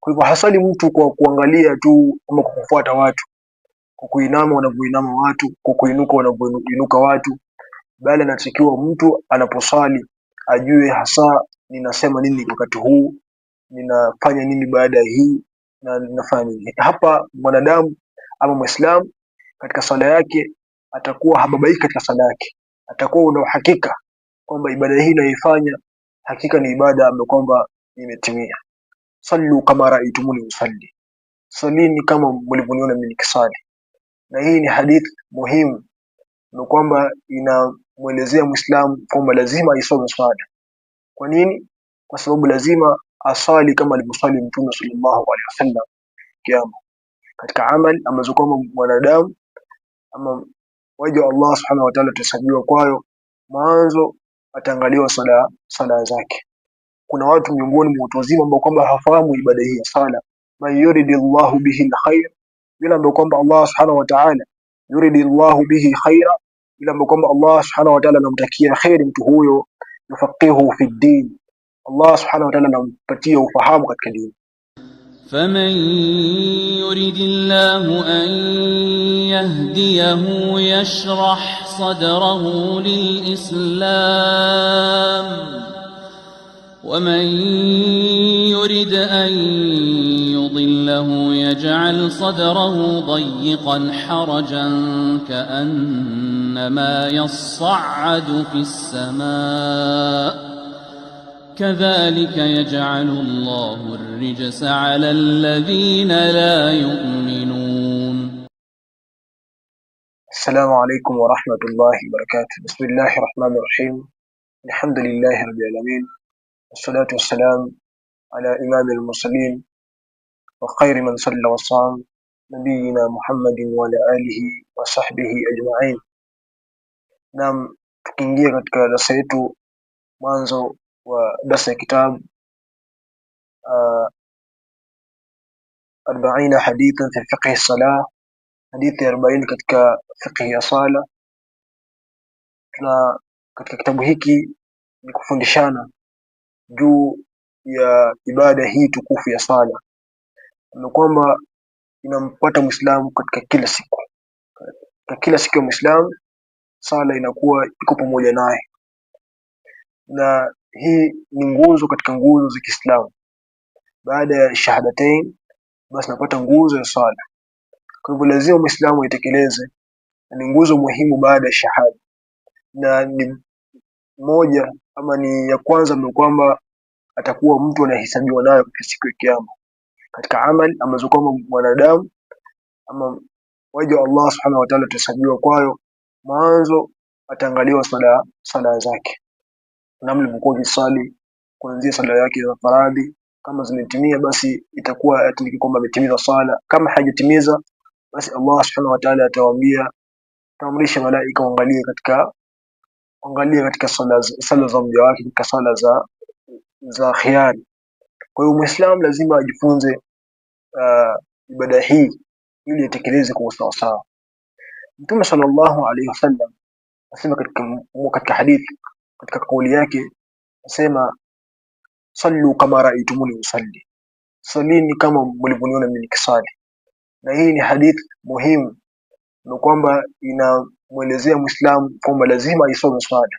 Kwa hivyo hasadi mtu kwa kuangalia tu ama kwa kufuata watu, kwa kuinama wanavyoinama watu, kwa kuinuka wanavyoinuka watu, bali anatakiwa mtu anaposali ajue hasa ninasema nini wakati huu, ninafanya nini baada ya hii na ninafanya nini. Hapa mwanadamu ama Mwislamu katika sala yake atakuwa hababaiki katika sala yake, atakuwa una uhakika kwamba ibada hii inayoifanya hakika ni ibada ambayo kwamba imetimia sallu kama raaitumuni usalli, salini kama mlivyoniona mimi nikisali. Na hii ni hadithi muhimu, ni kwamba inamwelezea Muislamu kwamba lazima aisome swala. Kwa nini? Kwa sababu lazima asali kama alivyosali Mtume sallallahu alaihi wasallam. Kiama katika amali ambazo kwamba mwanadamu ama waja wa Allah subhanahu wa ta'ala, tuhesabiwa kwayo, mwanzo ataangaliwa sala sala zake. kuna watu miongoni mwa watu wazima ambao kwamba hawafahamu ibada hii ya sala. man yuridi llahu bihi lkhair, yule ambao kwamba Allah subhanahu wa ta'ala, yuridi llahu bihi khaira, yule ambao kwamba Allah subhanahu wa ta'ala anamtakia kheri mtu huyo, yufaqihu fi ddin, Allah subhanahu wa ta'ala anampatia ufahamu katika dini. فمن يرد الله أن يهديه يشرح صدره للإسلام ومن يرد أن يضله يجعل صدره ضيقا حرجا كأنما يصعد في السماء كذلك يجعل الله الرجس على الذين لا يؤمنون السلام عليكم ورحمة الله وبركاته بسم الله الرحمن الرحيم الحمد لله رب العالمين والصلاة والسلام على إمام المرسلين وخير من صلى وصام نبينا محمد وعلى آله وصحبه أجمعين نعم تكينجي قد كالا سيتو منزو ودس كتاب أربعين حديثا في فقه الصلاة حديث أربعين قد فقه الصلاة كتاب هيكي نكفون juu ya ibada hii tukufu ya sala na kwamba inampata mwislamu katika kila siku katika kila siku ya mwislamu sala inakuwa iko pamoja naye na hii ni nguzo katika nguzo za kiislamu baada ya shahadatain basi napata nguzo ya sala kwa hivyo lazima mwislamu aitekeleze ni nguzo muhimu baada ya shahada na ni moja ama ni ya kwanza ndio kwamba atakuwa mtu anahesabiwa nayo katika siku ya Kiyama, katika amali ambazo kwamba mwanadamu ama waja wa Allah subhanahu wa ta'ala atahesabiwa kwayo. Mwanzo ataangaliwa sala sala zake, namna alivyokuwa akisali kuanzia sala yake ya faradhi, kama zimetimia basi itakuwa atiliki kwamba ametimiza sala. Kama hajatimiza basi Allah subhanahu wa ta'ala atawaambia, taamrisha malaika waangalie katika angalia katika sala za mja wake katika sala za za khiari. Kwa hiyo Muislamu lazima ajifunze uh, ibada hii ili atekeleze kwa usawasawa. Mtume sallallahu alaihi wasallam asema katika, katika hadithi katika kauli yake asema sallu kama raitumuni usalli, salini kama mlivyoniona mimi nikisali. Na hii ni hadithi muhimu na kwamba ina kumwelezea Muislamu kwamba lazima aisome swala.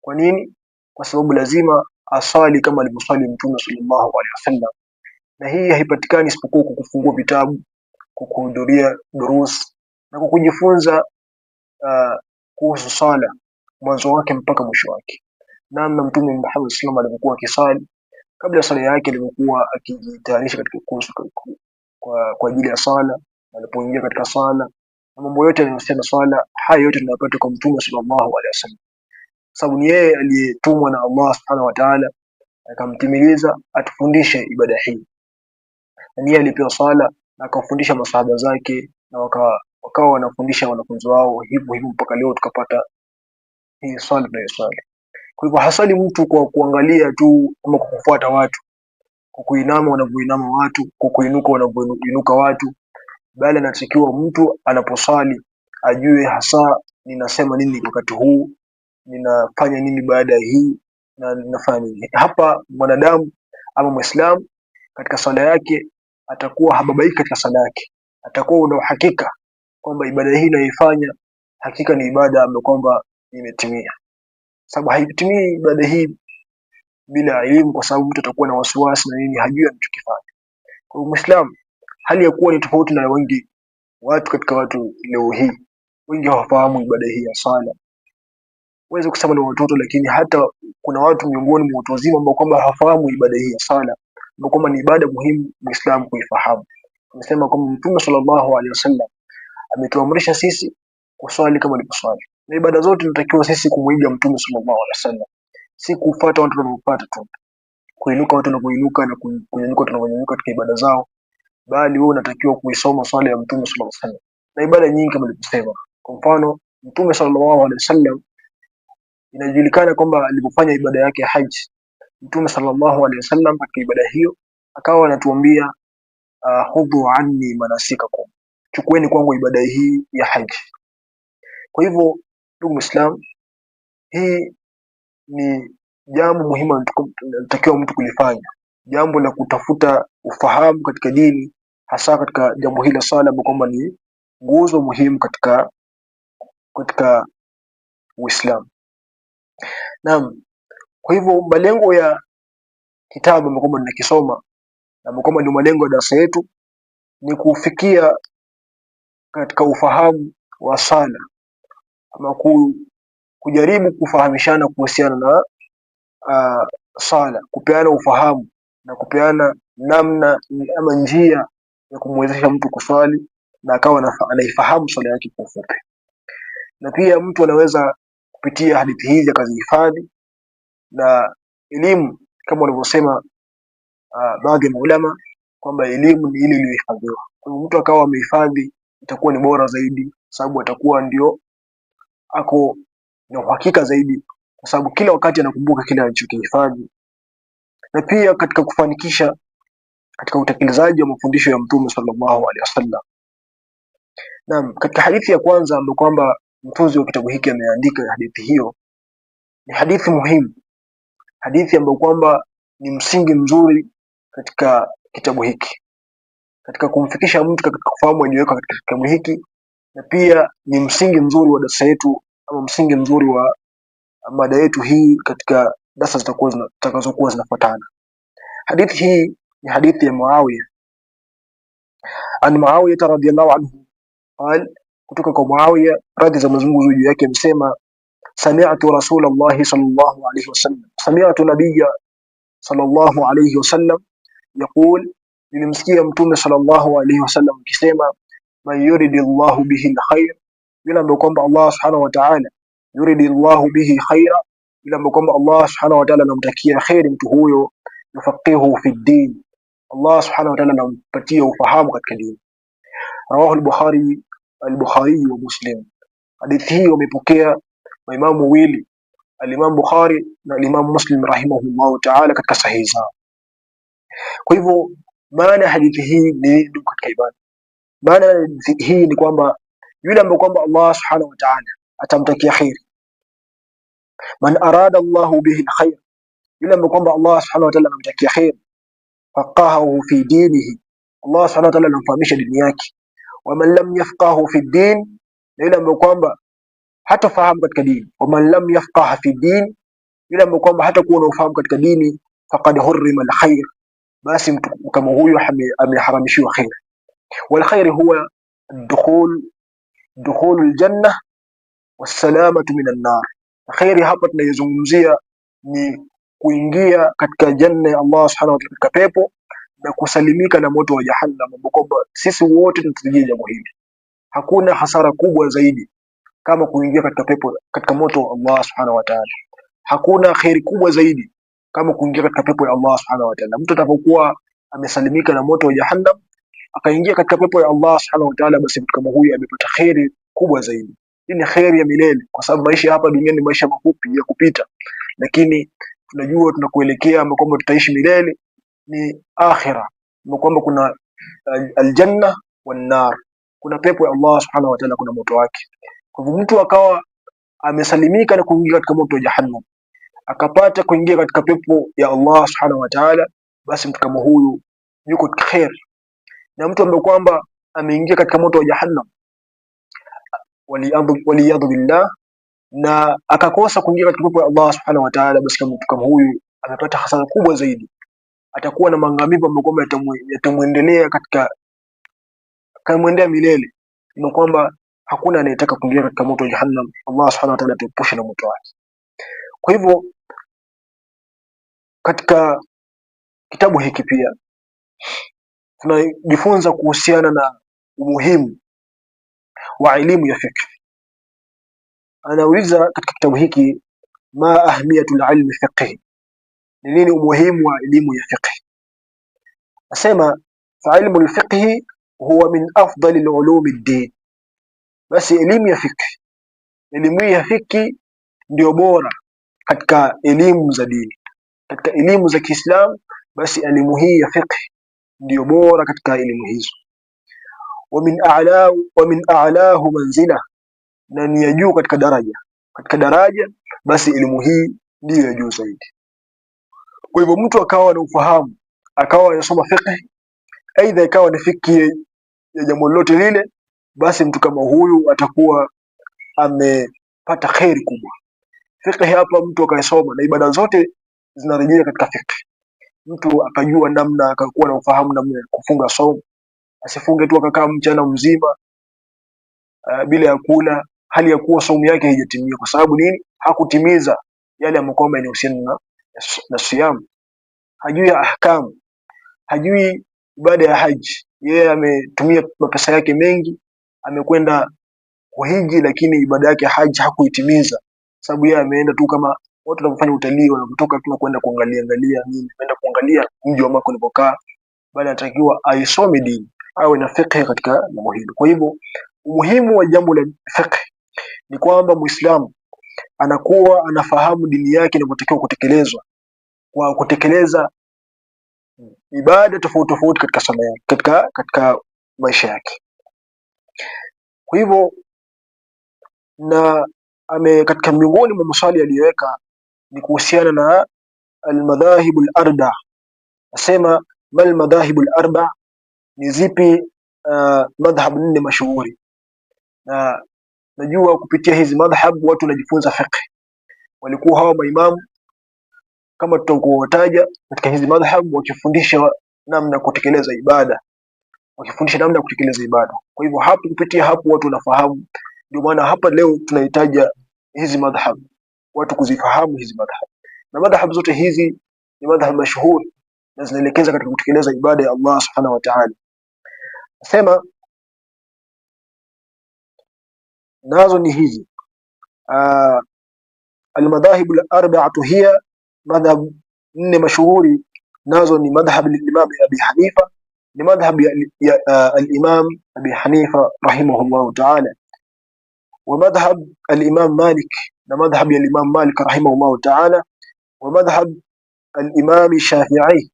Kwa nini? Kwa sababu lazima aswali kama alivyoswali Mtume sallallahu alaihi wasallam, na hii haipatikani isipokuwa kwa kufungua vitabu, kwa kuhudhuria durus na kwa kujifunza uh, kuhusu swala mwanzo wake mpaka mwisho wake, namna Mtume Muhammad sallallahu alivyokuwa akiswali kabla swala yake, alivyokuwa akijitayarisha katika kwa ajili ya swala, alipoingia katika swala na mambo yote yanayohusiana swala, haya yote tunayapata kwa Mtume sallallahu alaihi wasallam, sababu ni yeye aliyetumwa na Allah subhanahu wa ta'ala akamtimiliza atufundishe ibada hii, na yeye alipewa swala na akawafundisha masahaba zake na wakawa wanafundisha wanafunzi wao hivyo hivyo mpaka leo tukapata hii swala tunayoswali. Kwa hivyo hasali mtu kwa kuangalia tu ama kwa kufuata watu, kwa kuinama wanavyoinama watu, kwa kuinuka wanavyoinuka watu, bali anatakiwa mtu anaposali ajue hasa ninasema nini wakati huu, ninafanya nini baada ya hii na ninafanya nini. Hapa mwanadamu ama mwislam katika sala yake atakuwa hababaiki katika sala yake, atakuwa una uhakika kwamba ibada hii inayoifanya hakika ni ibada ambayo kwamba imetimia, sababu haitimii ibada hii bila elimu, kwa sababu mtu atakuwa na wasiwasi na nini, hajui anachokifanya. Kwa Muislamu hali ya kuwa ni tofauti na wengi watu katika watu leo hii, wengi hawafahamu ibada hii ya sala. Waweza kusema ni watoto, lakini hata kuna watu miongoni mwa watu wazima ambao kwamba hawafahamu ibada hii ya sala, na kwamba ni ibada muhimu Muislamu kuifahamu. Amesema kwamba Mtume sallallahu alaihi wasallam ametuamrisha sisi kuswali kama alivyoswali, na ibada zote tunatakiwa sisi kumuiga Mtume sallallahu alaihi wasallam, si kufuata watu wanaofuata tu, kuinuka watu wanavyoinuka na kuinuka tunavyonyanyuka katika ibada zao bali wewe unatakiwa kuisoma swala ya Mtume sallallahu alaihi wasallam na ibada nyingi kama nilivyosema. Kwa mfano Mtume sallallahu alaihi wasallam inajulikana kwamba alipofanya ibada yake ya haji, Mtume sallallahu alaihi wasallam katika ibada hiyo akawa anatuambia uh, hudhu anni manasikakum, chukueni kwangu ibada hii ya haji. Kwa hivyo ndugu Muislam, hii ni jambo muhimu anatakiwa mtu kulifanya jambo la kutafuta ufahamu katika dini, hasa katika jambo hili la swala, ambao kwamba ni nguzo muhimu katika katika Uislamu. Naam, kwa hivyo malengo ya kitabu ambao kwamba ninakisoma ambao kwamba ni malengo ya darasa yetu ni kufikia katika ufahamu wa sala ama kujaribu kufahamishana kuhusiana na uh, ah, sala, kupeana ufahamu na kupeana namna ama njia ya kumwezesha mtu kuswali na akawa anaifahamu swala yake kwa ufupi. Na pia mtu anaweza kupitia hadithi hizi akazihifadhi, na elimu kama walivyosema uh, baadhi ya maulama kwamba elimu ni ile iliyohifadhiwa. Kwa hiyo mtu akawa amehifadhi, itakuwa ni bora zaidi, sababu atakuwa ndio ako na uhakika zaidi, kwa sababu kila wakati anakumbuka kile alichokihifadhi na pia katika kufanikisha katika utekelezaji wa mafundisho ya Mtume sallallahu alaihi wasallam. Naam, katika hadithi ya kwanza ambayo kwamba mtunzi wa kitabu hiki ameandika hadithi hiyo, ni hadithi muhimu, hadithi ambayo kwamba ni msingi mzuri katika kitabu hiki, katika kumfikisha mtu katika kufahamu aliyoweka katika kitabu hiki, na pia ni msingi mzuri wa darasa yetu ama msingi mzuri wa mada yetu hii katika darasa zitakazokuwa zinafuatana. Hadithi hii ni hadithi ya Muawiya an Muawiya radhiallahu anhu qal, kutoka kwa Muawiya radhi za Mwenyezi Mungu juu yake amesema, sami'tu rasulullah sallallahu alayhi wasallam, sami'tu nabiyya sallallahu alayhi wasallam yaqul, nilimsikia mtume sallallahu alayhi wasallam akisema, man yuridi Allahu bihi alkhair, yule ambaye kwamba Allah subhanahu wa ta'ala yuridi Allahu bihi khaira ila ambapo kwamba Allah subhanahu wa ta'ala anamtakia kheri mtu huyo, yufaqihu fi din, Allah subhanahu wa ta'ala anampatia ufahamu katika dini. Rawahu al-Bukhari al-Bukhari wa Muslim. Hadithi hii wamepokea maimamu wawili al-Imam Bukhari na al-Imam Muslim rahimahumullah ta'ala katika sahihi zao. Kwa hivyo maana hadithi hii ni katika ibada. Maana hii ni kwamba yule ambaye kwamba Allah subhanahu wa ta'ala atamtakia khairi من أراد الله به الخير يلا مقوم الله سبحانه وتعالى لمتك خير فقهه في دينه الله سبحانه وتعالى لمفهمش دنياك ومن لم يفقه في الدين يلا مقوم حتى فهم قد كدين ومن لم يفقه في الدين يلا مقوم حتى كونه فهم قد كدين فقد هرم الخير بس كما هو يحمي حرام شيء خير والخير هو الدخول دخول الجنة والسلامة من النار kheri hapa tunaizungumzia ni kuingia katika janna ya Allah subhanahu wa ta'ala, katika pepo na kusalimika na moto wa jahannam, ambapo kwamba sisi wote tunatarajia jambo hili. Hakuna hasara kubwa zaidi kama kuingia katika pepo, katika moto wa Allah subhanahu wa ta'ala. Hakuna kheri kubwa zaidi kama kuingia katika pepo ya Allah subhanahu wa ta'ala. Mtu atakapokuwa amesalimika na moto wa jahannam akaingia katika pepo ya Allah subhanahu wa ta'ala, basi mtu kama huyu amepata kheri kubwa zaidi. Hii ni kheri ya milele, kwa sababu maisha hapa duniani ni maisha mafupi ya kupita, lakini tunajua tunakuelekea ama kwamba tutaishi milele ni akhira, ama kwamba kuna aljanna nar, kuna pepo ya Allah subhanahu wa ta'ala, kuna moto wake. Kwa hivyo mtu akawa amesalimika na kuingia katika moto wa jahannam, akapata kuingia katika pepo ya Allah subhanahu wa ta'ala, basi mtu kama huyu yuko kheri, na mtu ambaye kwamba ameingia katika moto wa jahannam waliyadhu billah, na akakosa kuingia katika pepo ya Allah subhanahu wa ta'ala, basi kama huyu amepata hasara kubwa zaidi, atakuwa na maangamivu ambayo kwamba yatamwendelea katika kamwendea milele, na kwamba hakuna anayetaka kuingia katika moto wa Jahannam. Allah subhanahu wa ta'ala atuepushe na moto wake. Kwa hivyo katika kitabu hiki pia tunajifunza kuhusiana na umuhimu wa elimu ya fiqh. Anauliza katika kitabu hiki, ma ahmiyatu lilmi fiqhi, ni nini umuhimu wa elimu ya fiqhi? Asema fa ilmu lfiqhi huwa min afdali lulumi ddin, basi elimu ya fiqhi, elimu hii ya fiqhi ndio bora katika elimu za dini, katika elimu za Kiislamu. Basi elimu hii ya fiqhi ndio bora katika elimu hizo. wa min a'lahu manzila, na ni ya juu katika daraja. Katika daraja basi elimu hii ndiyo ya juu zaidi. Kwa hivyo mtu akawa na ufahamu akawa anasoma fiqh, aidha ikawa ni fiki ya jambo lolote lile, basi mtu kama huyu atakuwa amepata kheri kubwa. Fiqh hapa mtu akaisoma na ibada zote zinarejea katika fiqh. Mtu akajua namna, akakuwa na ufahamu namna ya kufunga somo asifunge tu akakaa mchana mzima uh, bila ya kula, hali ya kuwa saumu yake haijatimia. Kwa sababu nini? Hakutimiza yale ambayo kwamba yanahusiana na, na siamu, hajui ahkam hajui ibada ya haji. Yeye ametumia mapesa yake mengi, amekwenda kuhiji, lakini ibada yake haji hakuitimiza, sababu yeye ameenda tu kama watu wanapofanya utalii, wanapotoka tu kwenda kuangalia angalia nini, kwenda kuangalia mji wa mako ulipokaa, bali anatakiwa aisome dini awe na fiqh katika jambo hilo. Kwa hivyo umuhimu wa jambo la fiqh ni kwamba Muislamu anakuwa anafahamu dini yake inavyotakiwa kutekelezwa kwa kutekeleza ibada tofauti tofauti katika sala yake, katika katika maisha yake. Kwa hivyo na ame katika miongoni mwa maswali aliyoweka ni kuhusiana na almadhahibu larda, asema mal madhahibu larda ni zipi uh, madhhab nne mashuhuri na najua kupitia hizi madhhab watu wanajifunza fiqh. Walikuwa hawa maimamu kama tutakuwataja katika hizi madhhab wakifundisha namna kutekeleza ibada, wakifundisha namna ya kutekeleza ibada. Kwa hivyo hapo, kupitia hapo watu wanafahamu. Ndio maana hapa leo tunahitaji hizi madhhab, watu kuzifahamu hizi madhhab, na madhhab zote hizi ni madhhab mashuhuri na zinaelekeza katika kutekeleza ibada ya Allah subhanahu wa ta'ala. sema nazo ni hizi المذاهب الأربعة هي مذهب من مشهور نازو مذهب الإمام أبي حنيفة لمذهب الإمام أبي حنيفة رحمه الله تعالى ومذهب الإمام مالك لمذهب الإمام مالك رحمه الله تعالى ومذهب الإمام الشافعي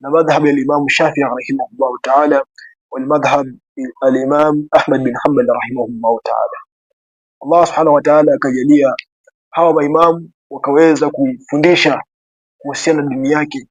لمذهب الإمام الشافعي رحمه الله تعالى walmadhhab alimam Ahmad bin Hanbal rahimahullahu taala. Allah subhanahu wa taala akajalia hawa maimamu wakaweza kufundisha kuhusiana na dini yake,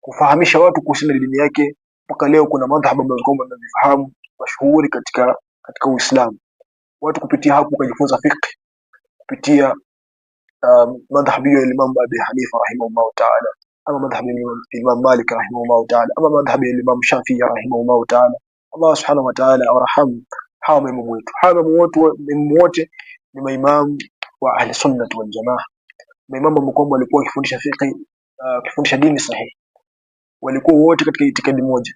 kufahamisha watu kuhusiana na dini yake. Mpaka leo kuna madhhabu ambayo kwamba tunavifahamu mashuhuri katika katika Uislamu. Watu kupitia hapo wakajifunza fiqh kupitia um, madhhabu ya Imam Abi Hanifa rahimahullahu taala, ama madhhabu ya Imam Malik rahimahullahu taala, ama madhhabu ya Imam Shafi'i rahimahullahu taala Allah subhanahu wa ta'ala awarahamu hawa maimamu wetu. Hawa maimamu wote ni maimamu wa ahli sunnah wal jamaa, maimamu ambao walikuwa wakifundisha fiqh, wakifundisha uh, dini sahihi, walikuwa wote katika itikadi moja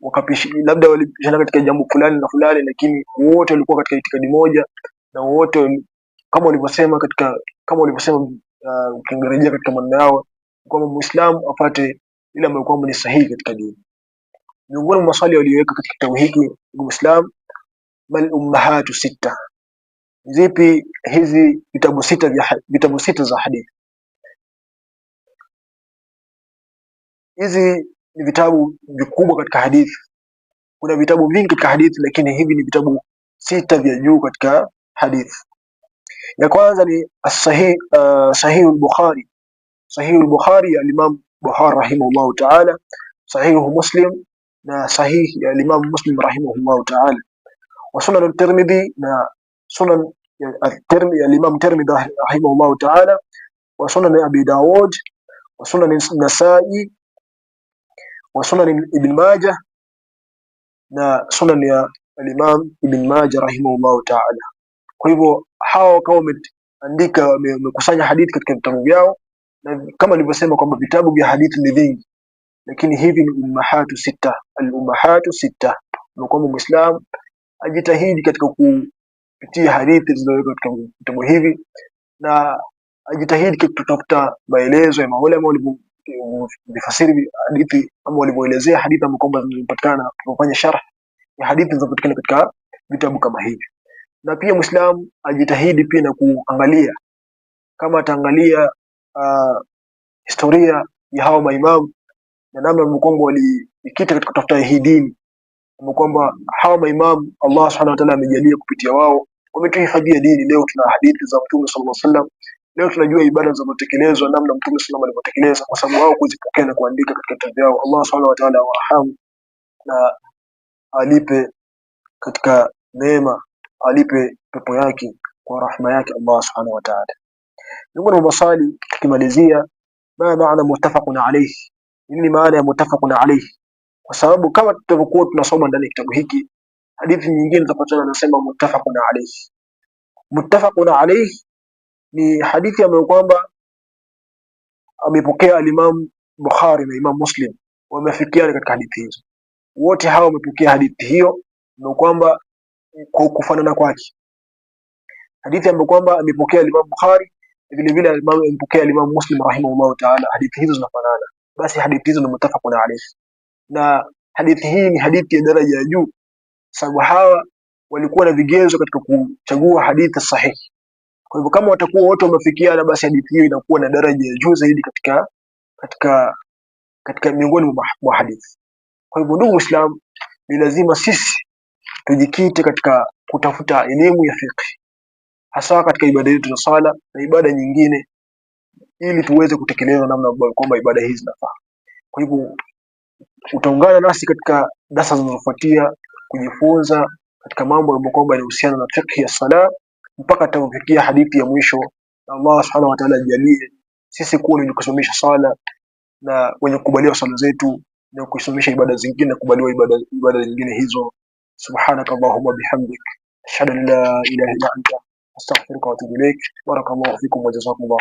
wakapishi labda walipishana katika jambo fulani na fulani, lakini wote walikuwa katika itikadi moja na wote kama walivyosema katika kama walivyosema ukirejea uh, katika maneno yao kwamba Muislamu afate ile ambayo kwamba ni sahihi katika dini miongoni mwa maswali waliyoweka katika kitabu hiki Muislam, bal ummahatu sita. Zipi hizi vitabu sita vya vitabu sita za hadithi? Hizi ni vitabu vikubwa katika hadithi. Kuna vitabu vingi katika hadithi, lakini hivi ni vitabu sita vya juu katika hadithi. Ya kwanza ni sahih uh, sahih al-Bukhari, sahih al-Bukhari ya Imam Bukhari rahimahullahu ta'ala, sahih Muslim na sahihi ya Imam Muslim rahimahullahu ta'ala wa sunan at-Tirmidhi na sunan ya Imam Tirmidhi rahimahullahu ta'ala wa sunan Abi Dawud wa sunan Nasa'i wa sunan Ibn Majah na sunan ya Imam Ibn Majah rahimahullahu ta'ala. Kwa hivyo hawa wakawa wameandika wamekusanya hadithi katika vitabu vyao, na kama nilivyosema kwamba vitabu vya hadithi ni vingi lakini hivi ni ummahatu sita, al-ummahatu sita. Na kwamba Muislamu ajitahidi katika kupitia hadithi zilizowekwa katika vitabu hivi na ajitahidi katika kutafuta maelezo ya maulama walivyofasiri hadithi ama walivyoelezea hadithi ama kwamba zinazopatikana kufanya sharh ya hadithi zinazopatikana katika vitabu kama hivi. Na pia Muislam ajitahidi pia na kuangalia kama ataangalia uh, historia ya hawa maimamu na namna ambavyo kwamba walijikita katika kutafuta hii dini, kwamba hawa maimamu Allah subhanahu wa ta'ala amejalia kupitia wao wametuhifadhia dini. Leo tuna hadithi za Mtume sallallahu alaihi wasallam, leo tunajua ibada zinazotekelezwa, namna Mtume sallallahu alaihi wasallam alivyotekeleza, kwa sababu wao kuzipokea na kuandika katika vitabu vyao. Allah subhanahu wa ta'ala awarhamu na alipe katika neema, alipe pepo yake kwa rahma yake Allah subhanahu wa ta'ala. Miongoni mwa maswali tukimalizia, ma maana muttafaqun alayhi hii ni maana ya mutafaqun alayhi, kwa sababu kama tutavyokuwa tunasoma ndani ya kitabu hiki, hadithi nyingine tutapatana nasema mutafaqun alayhi. Mutafaqun alayhi ni hadithi ambayo kwamba amepokea alimam Bukhari na Imam Muslim, wamefikiana katika hadithi hizo. Wote hawa wamepokea hadithi hiyo na kwamba kwa kufanana kwake, hadithi ambayo kwamba amepokea alimam Bukhari vile vile amepokea alimam Muslim rahimahullahu taala, hadithi hizo zinafanana basi hadithi hizo ni na alayhi, na hadithi hii ni hadithi ya daraja ya juu, sababu hawa walikuwa na vigezo katika kuchagua hadithi sahihi. Kwa hivyo kama watakuwa wote wamefikiana, basi hadithi hiyo inakuwa na daraja ya juu zaidi katika katika katika miongoni mwa hadithi. Kwa hivyo, ndugu Muislamu, ni lazima sisi tujikite katika kutafuta elimu ya fiqh, hasa katika ibada yetu za sala na ibada nyingine ili tuweze kutekeleza namna kwamba ibada hizi zinafaa. Kwa hivyo utaungana nasi katika darasa zinazofuatia kujifunza katika mambo ambayo kwamba yanahusiana na fiqh ya sala mpaka tutakapofikia hadithi ya mwisho. Allah subhanahu wa ta'ala ajalie sisi kuwa ni kusimamisha sala na wenye kukubaliwa sala zetu na kusimamisha ibada zingine na kukubaliwa ibada, ibada zingine hizo. Subhanaka Allahumma bihamdik ashhadu an la ilaha illa anta astaghfiruka wa atubu ilaik. Barakallahu fikum wa jazakumullahu